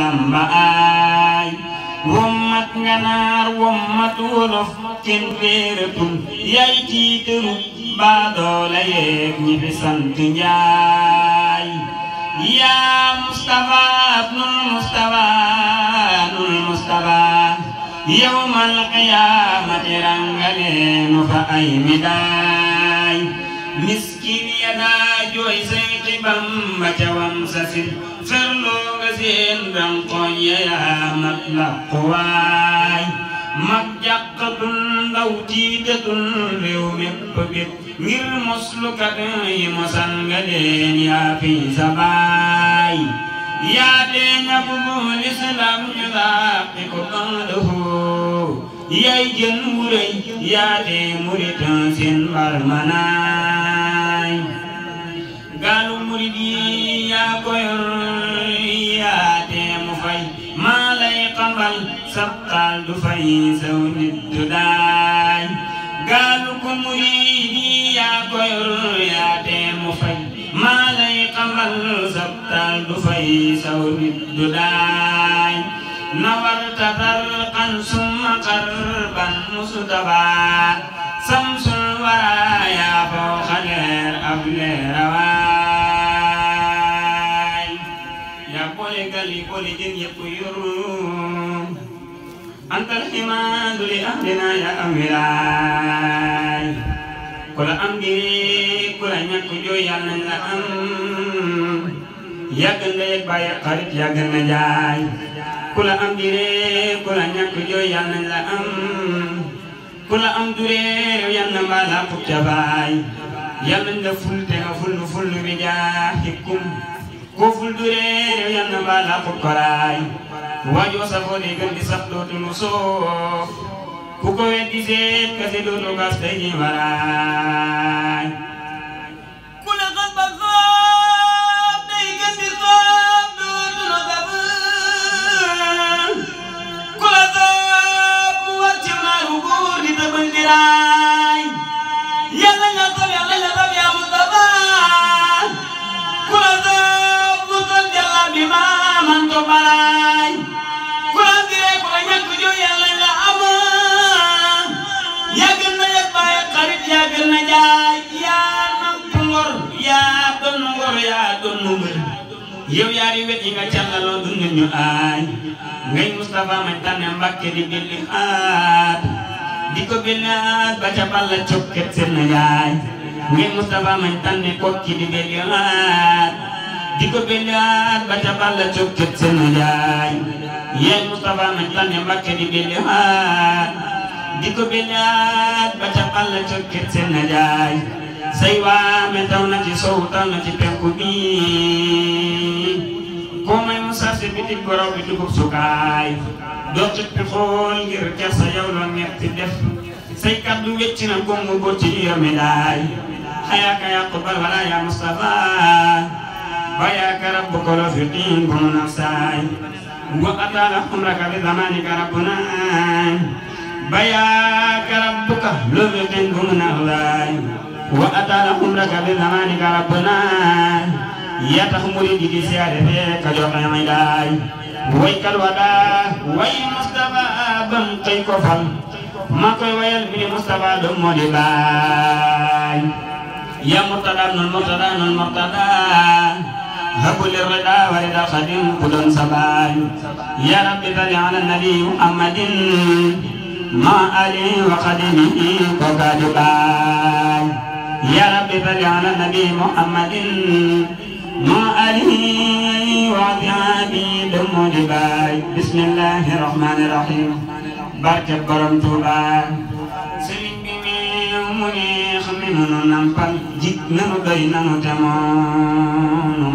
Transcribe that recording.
Samba ay wommat nga naar wommat wolof kenn féeratul yaay tiitaru baadoole yeeg ñi fi yaa Mustafa abnul Mustafa nul Mustafa yawmal qiyaamati rangaleenu fa ay midaay jooy say xibam ma ca ferloo nga seen rankoñ ya yaa mat làquwaay mag jàqatul ndaw tiitatul réew mépp bit ngir moslukat yi mosan nga leen yaa fi sa baay yaa dee ñabu ko bandahoo yaay jën wu rëy yaa dee muritan seen gaalu murid yi yaa ko yor yaa maa lay xamal sabxaal du fay saw nit du daay gaalu ko murid yi yaa ko yor yaa tee mu fay maa lay xamal sabxaal li kulli jën yëpp yurum antal imaadu li ahlina ya am wilaay ku la am gi ku la ñàkk jooy yàlla nañ la am yàgg na yëg bàyyi xarit yàgg na jaay ku la am gi ku la ñàkk jooy yàlla nañ la am ku la am du réew yal na mbaa laa ko ca baay yal nañ la ful te nga ful ful bi jaaxikum fuldureerew yal na mbaal a xut koraay waajoo safoone gën di sax dootunu soof ku ko weddi seet kase dootu gas tey ñi waraay yow balaay ku la diree ku la ñàkk ju yàlla nga amoon yàgg na yëg bàyyi xarit yàgg na jaay yaa nangu ngor yaa doon ngor yaa doon mbër yow yaari wet yi nga càllaloo dund ñu aay ngay Moustapha ma tànne Mbàkke di billi aat di ko billi aat ba ca balla cokket seen na jaay ngay Moustapha ma tànne kokki di billi aat di ko belliwaat ba ca balla cog kët sënu jaay yéen Moustapha nag tànne Mbàkke di di ko belliwaat ba ca balla cog jaay say waame taw na ci sow taw na ci penku bi ko may mu sarsi bitik gorow bi dugub sukaay doo coppi xool ngir kersa yow loo ngerti def say kaddu wecc na gommu góor ci yërmi daay xayaa ka yàqu bal wala yaa وياك رب كل فقين كن نفساي وأتى عمرك بزمانك ربنا بياك ربك لفق كن نغلاي وأتى عمرك بزمانك ربنا يتحمل دي سيارة فيك جوغي ميداي ويكال ودا وي مصطفى بن قيكو فل ما كوي ويل بني مصطفى دمو دي باي يا مرتضى من المرتضى من المرتضى هب للرضا ورضا خدم كل سباي يا رب بل على النبي محمد ما علي وخدمه وكاتباي يا رب بل على النبي محمد ما آله وأصحابه بالموجباي بسم الله الرحمن الرحيم بركة برم توبا سلمي بمي ومني خمي نمبل جيت ننو داي ننو تمام